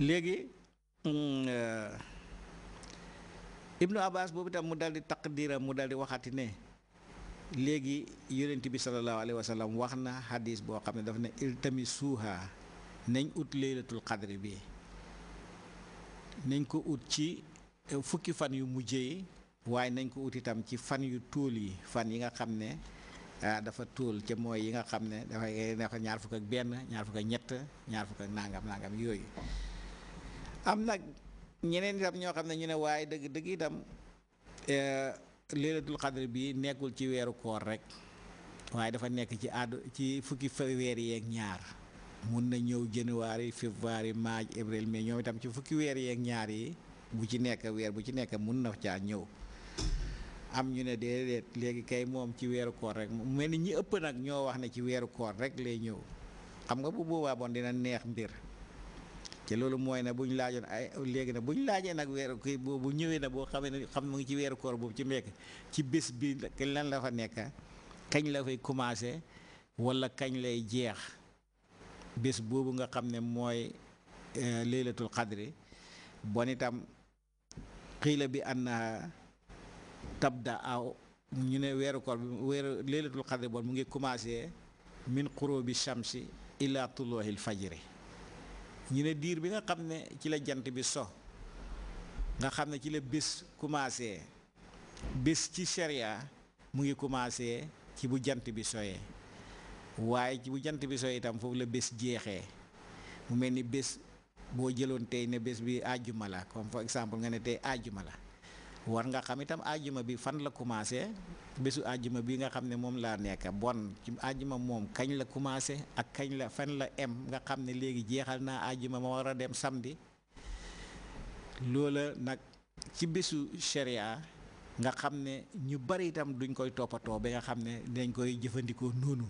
léegi mm, euh, ibnu abbas boobu tam mu daldi taqdiram mu daldi waxati ne léegi yonent bi sallallahu alayhi wa sallam wax na xadis boo xam ne daf ne iltamisuha nañ ut laylatul qadri bi nañ ko ut ci euh, fukki fan yu mujj waaye nañ ko ut itam ci fan yu tóol yi fan yi nga xam ne euh, dafa tóol ca mooy yi nga xam ne dafay ñaar fukk ak benn ñaar fukk ak ñett ñaar fukk ak nangam nangam yooyu am nag ñeneen itam ñoo xam ne ñu ne waaye dëgg dëgg itam eh, leelatul xadr bi nekkul ci weeru koor rek waaye dafa nekk ci àddu ci fukki weer yeeg ñaar mun na ñëw janvier février mars avril mais itam ci fukki weer yeeg ñaar yi bu ci nekk weer bu ci nekk mun na caa ñëw am ñu ne déedéet léegi kay moom ci weeru koor rek mel ni ñi ëpp nag ñoo wax ne ci weeru koor rek lay ñëw xam nga bu boobaa bon dina neex mbir te loolu mooy ne bu ñu laajoon ay léegi ne bu ñu laajee nag weeru kii bu ñëwee na boo xamee ne xam mu ngi ci weeru koor boobu ci mbekk ci bés bi lan la fa nekk kañ la fay commencé wala kañ lay jeex bés boobu nga xam ne mooy euh, laylatul xadri bon itam xiila bi anna tabda aw ñu ne weeru koor bi weeru laylatul xadri bon mu ngi commencé min xuróobi shamsi ila tulooxil fajri ñu ne diir bi nga xam ne ci la jant bi so nga xam ne ci la bés commencé bés ci sharia mu ngi commencé ci bu jant bi soyee waaye ci bu jant bi soyee itam foofu la bés jeexee mu mel ni bés boo jëloon tey ne bés bi àjjuma la comme par exemple nga ne tey àjjuma la war nga xam itam àjjuma bi fan la commencé bésu àjjuma bi nga xam ne moom laa nekk bon ci àjjuma moom kañ la commencé ak kañ la fan la em nga xam ne léegi jeexal naa àjjuma ma war a dem samedi loola nag ci bésu sharia nga xam ne ñu bari itam duñ koy toppatoo ba nga xam ne dañ koy jëfandikoo noonu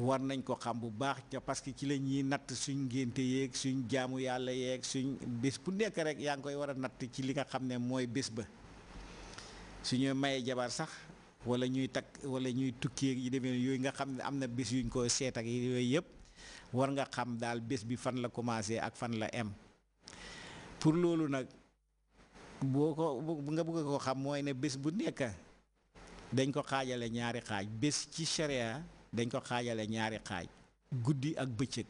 war nañ ko xam bu baax ca parce que ci la ñuy natt suñ ngénte yeeg suñ jaamu yàlla yeeg suñ bés bu nekk rek yaa ngi koy war a natt ci li nga xam ne mooy bés ba suñu mayee jabar sax wala ñuy takk wala ñuy tukki yi demee yooyu nga xam ne am na bés yuñ ko seet yooyu yëpp war nga xam daal bés bi fan la commencé ak fan la em pour loolu nag boo ko nga bëgg ko xam mooy ne bés bu nekk dañ ko xaajale ñaari xaaj bés ci sharia dañ ko xaajale ñaari xaaj guddi ak bëccëg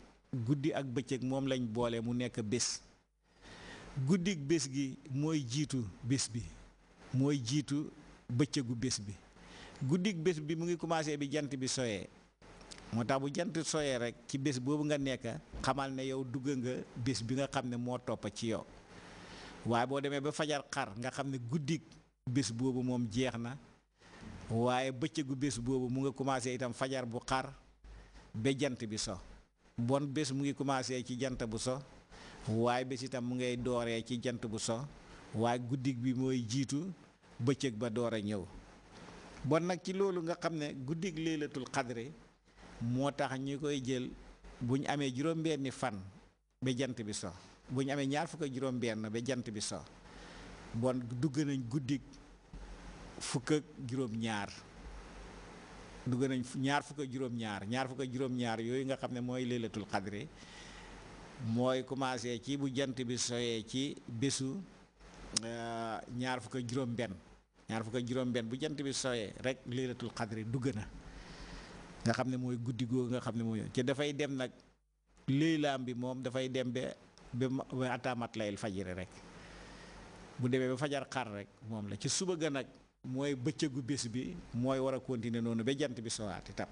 guddi ak bëccëg moom lañ boole mu nekk bés guddik bés gi mooy jiitu bés bi mooy jiitu bëccëgu bés bi guddik bés bi mu ngi commencé bi jant bi soyee moo tax bu jant soyee rek ci bés boobu nga nekk xamal ne yow dugg nga bés bi nga xam ne moo topp ci yow waaye boo demee ba fajar xar nga xam ne guddik bés boobu moom jeex na waaye bëccëgu bés boobu mu nga commencé itam fajar bu xar ba jant bi so bon bés mu ngi commencé ci jant bu so waaye bés itam mu ngay dooree ci jant bu so waaye guddig bi mooy jiitu bëccëg ba door a ñëw bon nag ci loolu nga xam ne guddig leelatul xadri moo tax ñu koy jël bu amee juróom-benni fan ba jant bi so bu ñu amee ñaar fukk ak juróom-benn ba jant bi so bon dugg nañ guddig fukk ak juróom-ñaar dugg nañ ñaar fukk ak juróom-ñaar fukk ak juróom-ñaar yooyu nga xam ne mooy laylatul xadri mooy commencé ci bu jant bi soyee ci bésu euh, ñaar fukk ak juróom-benn ñaar fukk ak juróom-benn bu jant bi soyee rek léelatul xadri dugg na nga xam ne mooy guddi googu nga xam ne mooy ci dafay dem nag léylaam bi moom dafay dem ba ba ataamat layil fajiri rek bu demee ba fajar xar rek moom la ci suba ga nag mooy bëccëgu bés bi mooy war a continuer noonu ba jant bi sowaat itam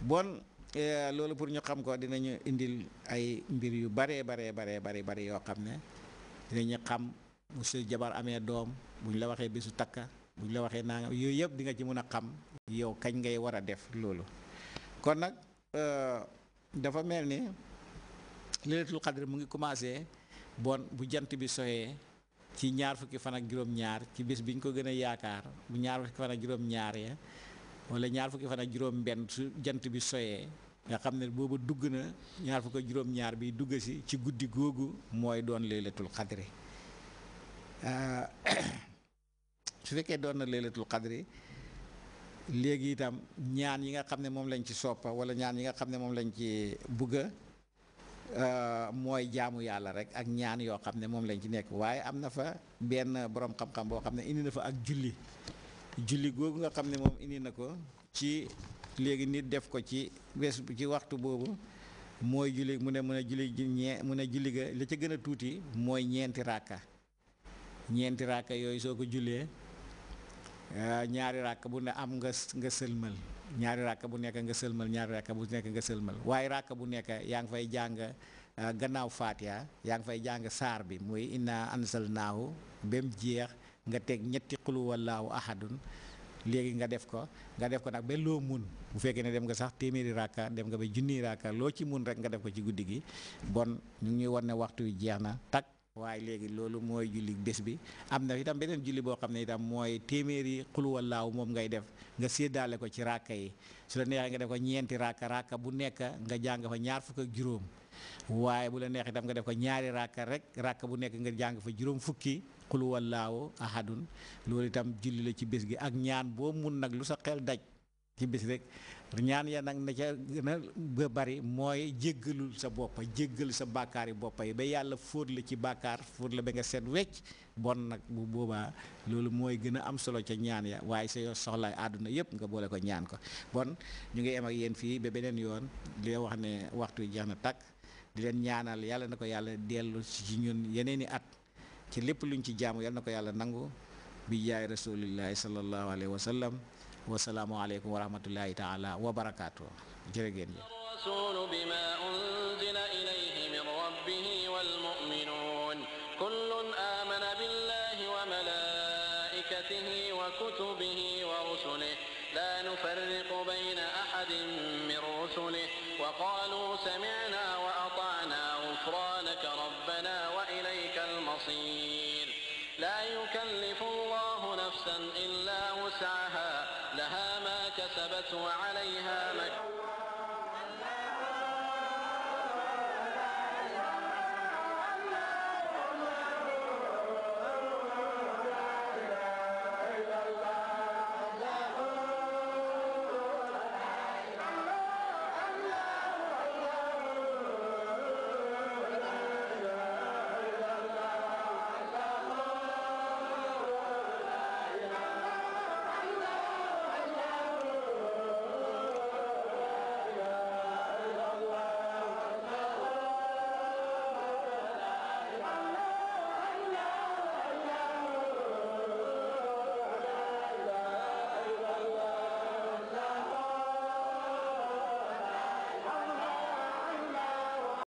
bon eh, loolu pour ñu xam ko dinañu indi ay mbir yu baree baree baree bari bari yoo xam ne dinañu xam bu sa jabar amee doom buñ la waxee bisu takka buñ la waxee naa yooyu yëpp di nga ci mën a xam yow kañ ngay war a def loolu kon nag eh, dafa mel ni lëleetul xadri mu ngi commencé bon bu jant bi soyee ci ñaar fukki fan ak juróom-ñaar ci bis biñ ko gën a yaakaar bu ñaar fukki fan ak juróom-ñaar ya wala ñaar fukki fan ak juróom jant bi soyee nga xam ne boobu dugg na ñaar fukki juróom-ñaar bi dugg si ci guddi googu mooy doon laylatul xadri su fekkee doon na laylatul xadri léegi itam ñaan yi nga xam ne moom lañ ci soppa wala ñaan yi nga xam ne moom lañ ci bugga Euh, mooy jaamu yàlla rek ak ñaan yoo xam ne moom lañ ci nekk waaye am na fa benn borom xam-xam boo xam ne indi na fa ak julli julli googu nga xam ne moom indi na ko ci léegi nit def ko ci bés ci waxtu boobu mooy julli mu ne mën a julli ñee mu ne julli ga li ci gën a tuuti mooy ñeenti ràkka ñeenti raaka yooyu soo ko jullee Euh, ñaari ràkk bu ne am nga nga sëlmal ñaari ràkk bu nekk nga sëlmal ñaari ràkk bu nekk nga sëlmal waaye ràkk bu nekk yaa ngi fay jàng euh, gannaaw faatiya yaa ngi fay jàng saar bi muy inna ansalnaahu ba bem jeex nga teg ñetti xulu wallaahu ahadun léegi nga def ko nga def ko nag ba loo mun bu fekkee ne dem nga sax téeméeri ràkka dem nga ba junniy ràkka loo ci mun rek nga def ko ci guddi gi bon ñu ngi wan ne waxtu wi jeex na takk waaye léegi loolu mooy julli bés bi am na itam beneen julli boo xam ne itam mooy téeméeri xuluwallaaw moom ngay def nga séddaale ko ci raaka yi su la neexee nga def ko ñeenti raaka raaka bu nekk nga jàng fa ñaar fukk ak juróom waaye bu la neexee itam nga def ko ñaari raaka rek raaka bu nekk nga jàng fa juróom fukki xuluwallaaw ahadun loolu itam julli la ci bés gi ak ñaan boo mun nag lu sa xel daj ci bés rek ñaan ya nag na ca gën a bari mooy jéggalul sa boppa jéggal sa bàkkaar yi boppa yi ba yàlla fóot la ci bàkkaar fóot la ba nga seet wecc bon nag bu boobaa loolu mooy gën a am solo ca ñaan ya waaye sa yoo soxla àdduna yëpp nga boole ko ñaan ko bon ñu ngi em ak yéen fii ba beneen yoon li wax ne waxtu yi jeex na tàkk di leen ñaanal yàlla na ko yàlla dellu ci ñun yeneen i at ci lépp luñ ci jaamu yàlla na ko yàlla nangu bi jaay rasulillahi sallallahu alayhi wa sallam wasalaamu aleykum wa rahmatullahi taala wa barakaatu jërë ngeen jëf الرسول بما أنزل إليه من ربه والمؤمنون كل آمن بالله وملائكته وكتبه ورسله لا نفرق بين أحد من رسله وقالوا سمعنا وأطعنا غفرانك ربنا وإليك المصير لا